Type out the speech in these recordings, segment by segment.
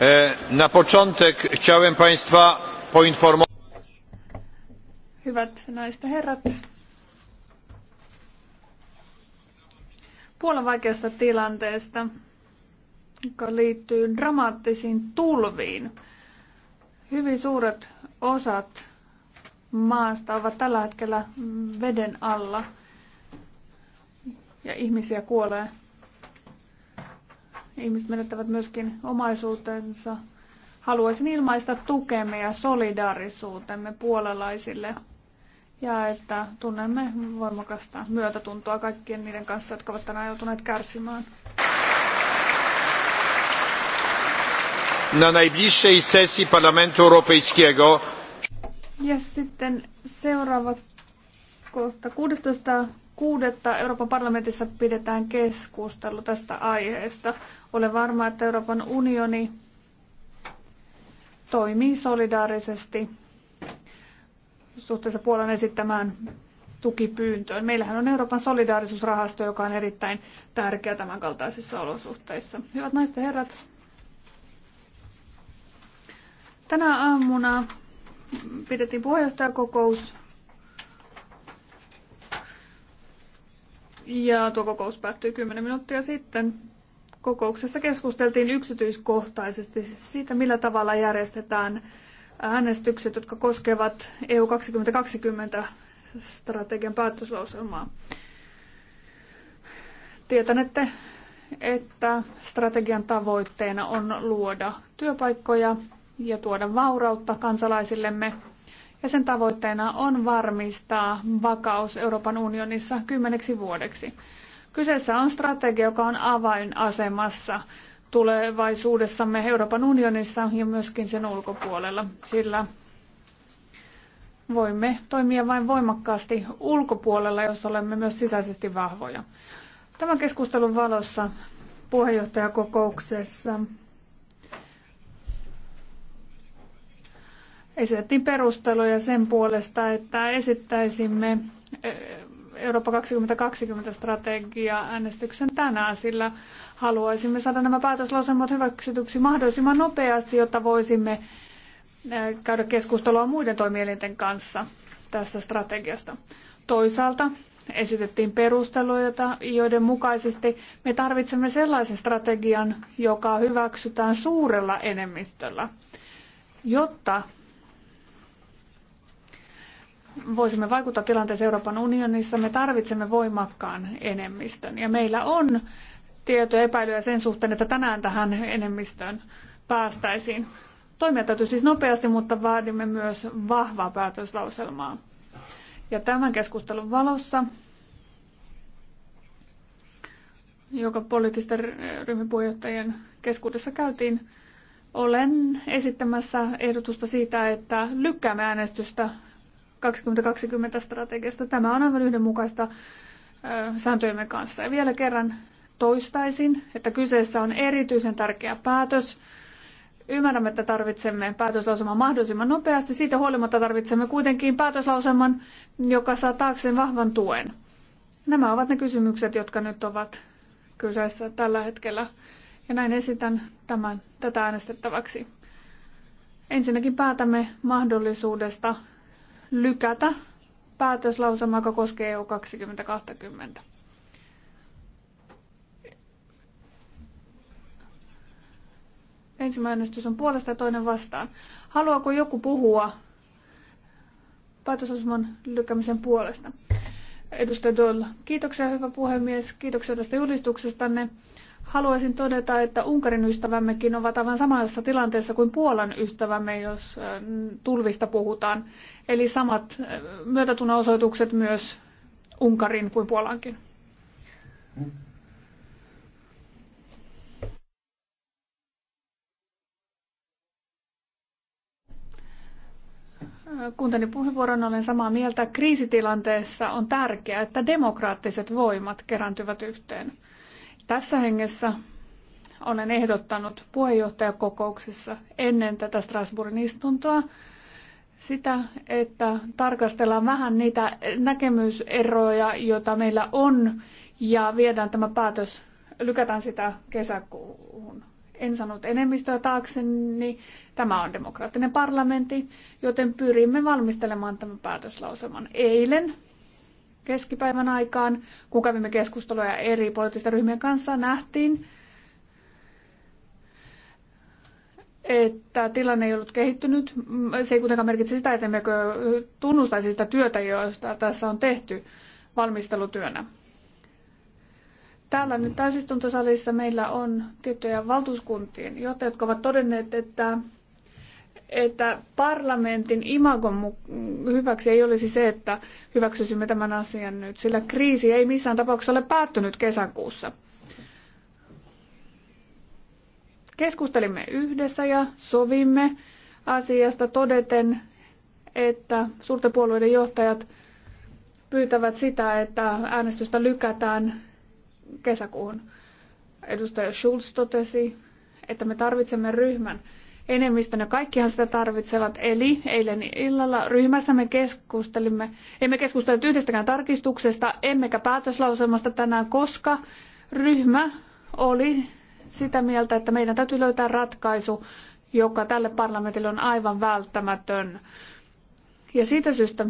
E, na początek chciałem Państwa poinformować. Hyvät naiset herrat. Puolan vaikeasta tilanteesta, joka liittyy dramaattisiin tulviin. Hyvin suuret osat maasta ovat tällä hetkellä veden alla ja ihmisiä kuolee. Ihmiset menettävät myöskin omaisuutensa. Haluaisin ilmaista tukemme ja solidaarisuutemme puolalaisille ja että tunnemme voimakasta myötätuntoa kaikkien niiden kanssa, jotka ovat tänään joutuneet kärsimään. Na najbliższej sesji Parlamentu Europejskiego. Ja sitten seuraava kohta 16 kuudetta Euroopan parlamentissa pidetään keskustelu tästä aiheesta. Olen varma, että Euroopan unioni toimii solidaarisesti suhteessa Puolan esittämään tukipyyntöön. Meillähän on Euroopan solidaarisuusrahasto, joka on erittäin tärkeä tämän kaltaisissa olosuhteissa. Hyvät naiset ja herrat, tänä aamuna pidettiin puheenjohtajakokous Ja tuo kokous päättyi 10 minuuttia sitten. Kokouksessa keskusteltiin yksityiskohtaisesti siitä, millä tavalla järjestetään äänestykset, jotka koskevat EU 2020 strategian päätöslauselmaa. Tietänette, että strategian tavoitteena on luoda työpaikkoja ja tuoda vaurautta kansalaisillemme ja sen tavoitteena on varmistaa vakaus Euroopan unionissa kymmeneksi vuodeksi. Kyseessä on strategia, joka on avainasemassa tulevaisuudessamme Euroopan unionissa ja myöskin sen ulkopuolella, sillä voimme toimia vain voimakkaasti ulkopuolella, jos olemme myös sisäisesti vahvoja. Tämän keskustelun valossa puheenjohtajakokouksessa Esitettiin perusteluja sen puolesta, että esittäisimme eh, Eurooppa 2020 strategia äänestyksen tänään, sillä haluaisimme saada nämä päätöslauselmat hyväksytyksi mahdollisimman nopeasti, jotta voisimme eh, käydä keskustelua muiden toimielinten kanssa tästä strategiasta. Toisaalta esitettiin perusteluja, joiden mukaisesti me tarvitsemme sellaisen strategian, joka hyväksytään suurella enemmistöllä, jotta voisimme vaikuttaa tilanteeseen Euroopan unionissa, me tarvitsemme voimakkaan enemmistön. Ja meillä on tietoja epäilyjä sen suhteen, että tänään tähän enemmistöön päästäisiin. Toimia täytyy siis nopeasti, mutta vaadimme myös vahvaa päätöslauselmaa. Ja tämän keskustelun valossa, joka poliittisten puheenjohtajien keskuudessa käytiin, olen esittämässä ehdotusta siitä, että lykkäämme äänestystä 2020 strategiasta. Tämä on aivan yhdenmukaista sääntöjemme kanssa. Ja vielä kerran toistaisin, että kyseessä on erityisen tärkeä päätös. Ymmärrämme, että tarvitsemme päätöslauselman mahdollisimman nopeasti. Siitä huolimatta tarvitsemme kuitenkin päätöslauselman, joka saa taakseen vahvan tuen. Nämä ovat ne kysymykset, jotka nyt ovat kyseessä tällä hetkellä. Ja näin esitän tämän, tätä äänestettäväksi. Ensinnäkin päätämme mahdollisuudesta lykätä päätöslausuma, joka koskee EU 2020. Ensimmäinen äänestys on puolesta ja toinen vastaan. Haluaako joku puhua päätöslauselman lykkämisen puolesta? Edustaja Doll, kiitoksia hyvä puhemies, kiitoksia tästä julistuksestanne haluaisin todeta, että Unkarin ystävämmekin ovat aivan samassa tilanteessa kuin Puolan ystävämme, jos tulvista puhutaan. Eli samat osoitukset myös Unkarin kuin Puolankin. Kuuntelin puheenvuoron, olen samaa mieltä. Kriisitilanteessa on tärkeää, että demokraattiset voimat kerääntyvät yhteen. Tässä hengessä olen ehdottanut puheenjohtajakokouksessa ennen tätä Strasbourgin istuntoa sitä, että tarkastellaan vähän niitä näkemyseroja, joita meillä on, ja viedään tämä päätös, lykätään sitä kesäkuuhun. En sanonut enemmistöä taakseni, tämä on demokraattinen parlamentti, joten pyrimme valmistelemaan tämän päätöslauselman eilen keskipäivän aikaan, kun kävimme keskusteluja eri poliittisten ryhmien kanssa, nähtiin, että tilanne ei ollut kehittynyt. Se ei kuitenkaan merkitse sitä, että emmekö tunnustaisi sitä työtä, joista tässä on tehty valmistelutyönä. Täällä nyt täysistuntosalissa meillä on tiettyjä valtuuskuntien johtajat, jotka ovat todenneet, että että parlamentin imagon hyväksi ei olisi se, että hyväksyisimme tämän asian nyt, sillä kriisi ei missään tapauksessa ole päättynyt kesäkuussa. Keskustelimme yhdessä ja sovimme asiasta todeten, että suurten puolueiden johtajat pyytävät sitä, että äänestystä lykätään kesäkuun Edustaja Schulz totesi, että me tarvitsemme ryhmän, enemmistönä. Kaikkihan sitä tarvitsevat. Eli eilen illalla ryhmässä me keskustelimme, emme keskustelleet yhdestäkään tarkistuksesta, emmekä päätöslauselmasta tänään, koska ryhmä oli sitä mieltä, että meidän täytyy löytää ratkaisu, joka tälle parlamentille on aivan välttämätön. Ja siitä syystä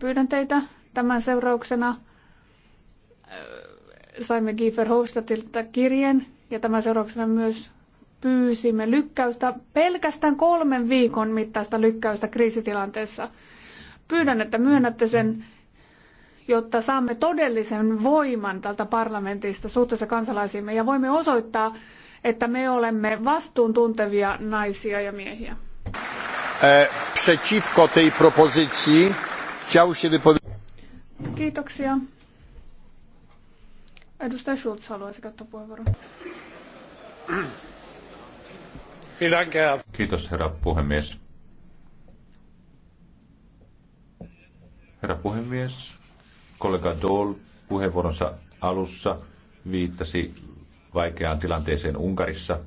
pyydän teitä tämän seurauksena. Äh, saimme Giefer Hofstadtilta kirjeen ja tämän seurauksena myös pyysimme lykkäystä, pelkästään kolmen viikon mittaista lykkäystä kriisitilanteessa. Pyydän, että myönnätte sen, jotta saamme todellisen voiman tältä parlamentista suhteessa kansalaisiimme ja voimme osoittaa, että me olemme vastuuntuntevia naisia ja miehiä. E, przeciwko tej propozycji chciał się wypowiedzieć. Kiitoksia. Edustaja Schulz haluaisi käyttää puheenvuoron. Kiitos, herra puhemies. Herra puhemies, kollega Dole puheenvuoronsa alussa viittasi vaikeaan tilanteeseen Unkarissa.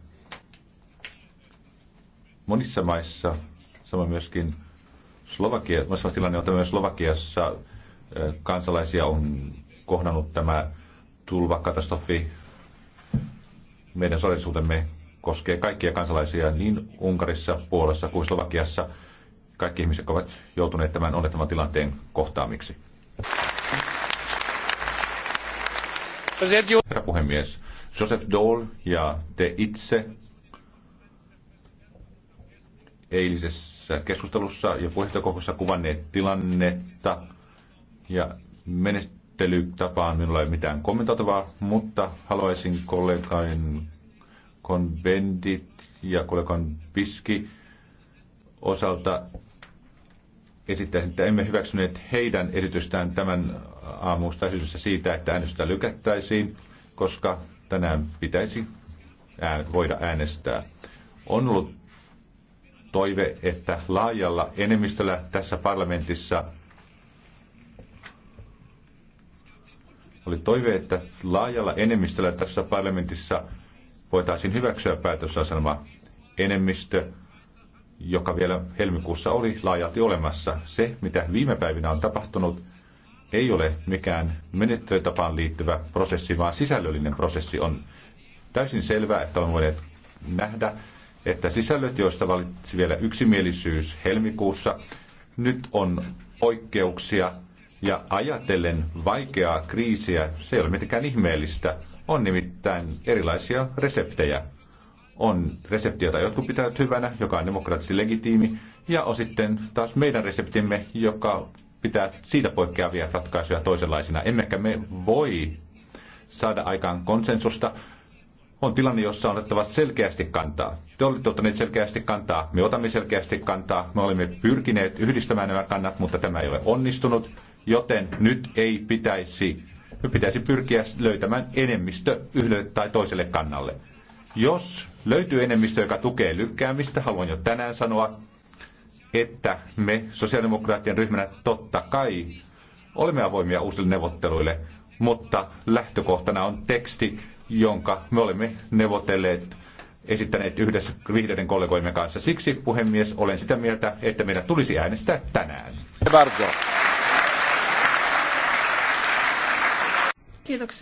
Monissa maissa, sama myöskin Slovakia, tilanne on myös Slovakiassa, kansalaisia on kohdannut tämä tulvakatastrofi. Meidän solidisuutemme koskee kaikkia kansalaisia niin Unkarissa, Puolassa kuin Slovakiassa. Kaikki ihmiset ovat joutuneet tämän onnettoman tilanteen kohtaamiksi. Herra puhemies, Joseph Dole ja te itse eilisessä keskustelussa ja puheenjohtajakokouksessa kuvanneet tilannetta ja menettelytapaan minulla ei ole mitään kommentoitavaa, mutta haluaisin kollegain konbendit ja kollegan piski osalta esittäisin, että emme hyväksyneet heidän esitystään tämän aamusta esitystä siitä, että äänestystä lykättäisiin, koska tänään pitäisi ään, voida äänestää. On ollut toive, että laajalla enemmistöllä tässä parlamentissa oli toive, että laajalla enemmistöllä tässä parlamentissa voitaisiin hyväksyä päätösasema enemmistö, joka vielä helmikuussa oli laajalti olemassa. Se, mitä viime päivinä on tapahtunut, ei ole mikään menettelytapaan liittyvä prosessi, vaan sisällöllinen prosessi on täysin selvää, että on voinut nähdä, että sisällöt, joista valitsi vielä yksimielisyys helmikuussa, nyt on oikeuksia ja ajatellen vaikeaa kriisiä, se ei ole mitenkään ihmeellistä – on nimittäin erilaisia reseptejä. On resepti, jota jotkut pitävät hyvänä, joka on demokraattisesti legitiimi, ja on sitten taas meidän reseptimme, joka pitää siitä poikkeavia ratkaisuja toisenlaisina. Emmekä me voi saada aikaan konsensusta. On tilanne, jossa on otettava selkeästi kantaa. Te olette ottaneet selkeästi kantaa, me otamme selkeästi kantaa, me olemme pyrkineet yhdistämään nämä kannat, mutta tämä ei ole onnistunut, joten nyt ei pitäisi pitäisi pyrkiä löytämään enemmistö yhdelle tai toiselle kannalle. Jos löytyy enemmistö, joka tukee lykkäämistä, haluan jo tänään sanoa, että me sosiaalidemokraattien ryhmänä totta kai olemme avoimia uusille neuvotteluille, mutta lähtökohtana on teksti, jonka me olemme neuvotelleet esittäneet yhdessä vihreiden kollegoimme kanssa. Siksi, puhemies, olen sitä mieltä, että meidän tulisi äänestää tänään. Kiitos.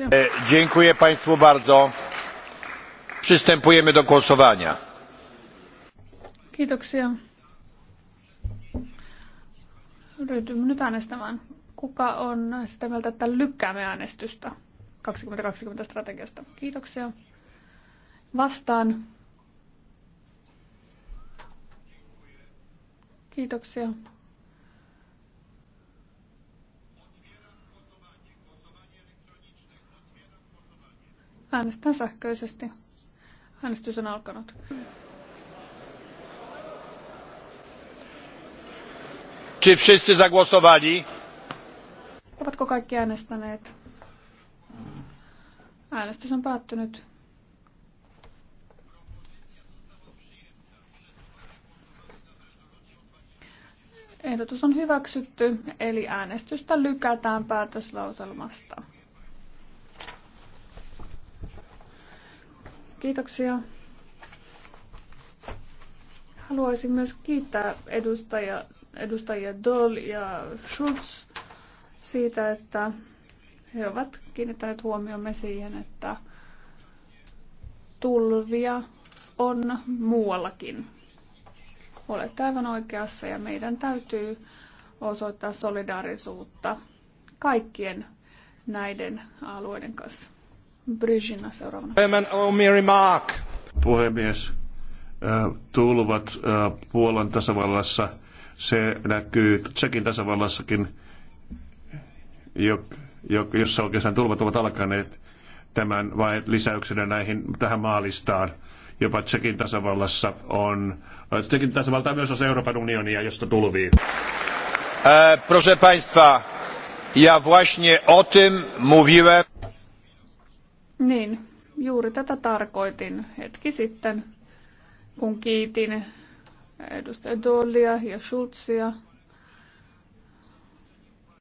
E, dziękuję Państwu bardzo. Przystępujemy do głosowania. Kiitoksia. Ryhdymme nyt äänestämään. Kuka on sitä mieltä, että lykkäämme äänestystä 2020 strategiasta? Kiitoksia. Vastaan. Kiitoksia. Äänestän sähköisesti. Äänestys on alkanut. Czy wszyscy zagłosowali? Ovatko kaikki äänestäneet? Äänestys on päättynyt. Ehdotus on hyväksytty, eli äänestystä lykätään päätöslauselmasta. Kiitoksia. Haluaisin myös kiittää edustaja, edustajia Doll ja Schulz siitä, että he ovat kiinnittäneet huomiomme siihen, että tulvia on muuallakin. Olet aivan oikeassa ja meidän täytyy osoittaa solidaarisuutta kaikkien näiden alueiden kanssa. Brysina seuraavana. Puhemies, tulvat Puolan tasavallassa, se näkyy Tsekin tasavallassakin, jossa oikeastaan tulvat ovat alkaneet tämän vain lisäyksenä näihin, tähän maalistaan. Jopa Tsekin tasavallassa on, Tsekin tasavalta on myös osa Euroopan unionia, josta tulvii. E, proszę Państwa, ja właśnie o tym mówiłem. Niin, juuri tätä tarkoitin hetki sitten, kun kiitin edustaja Dollia ja Schulzia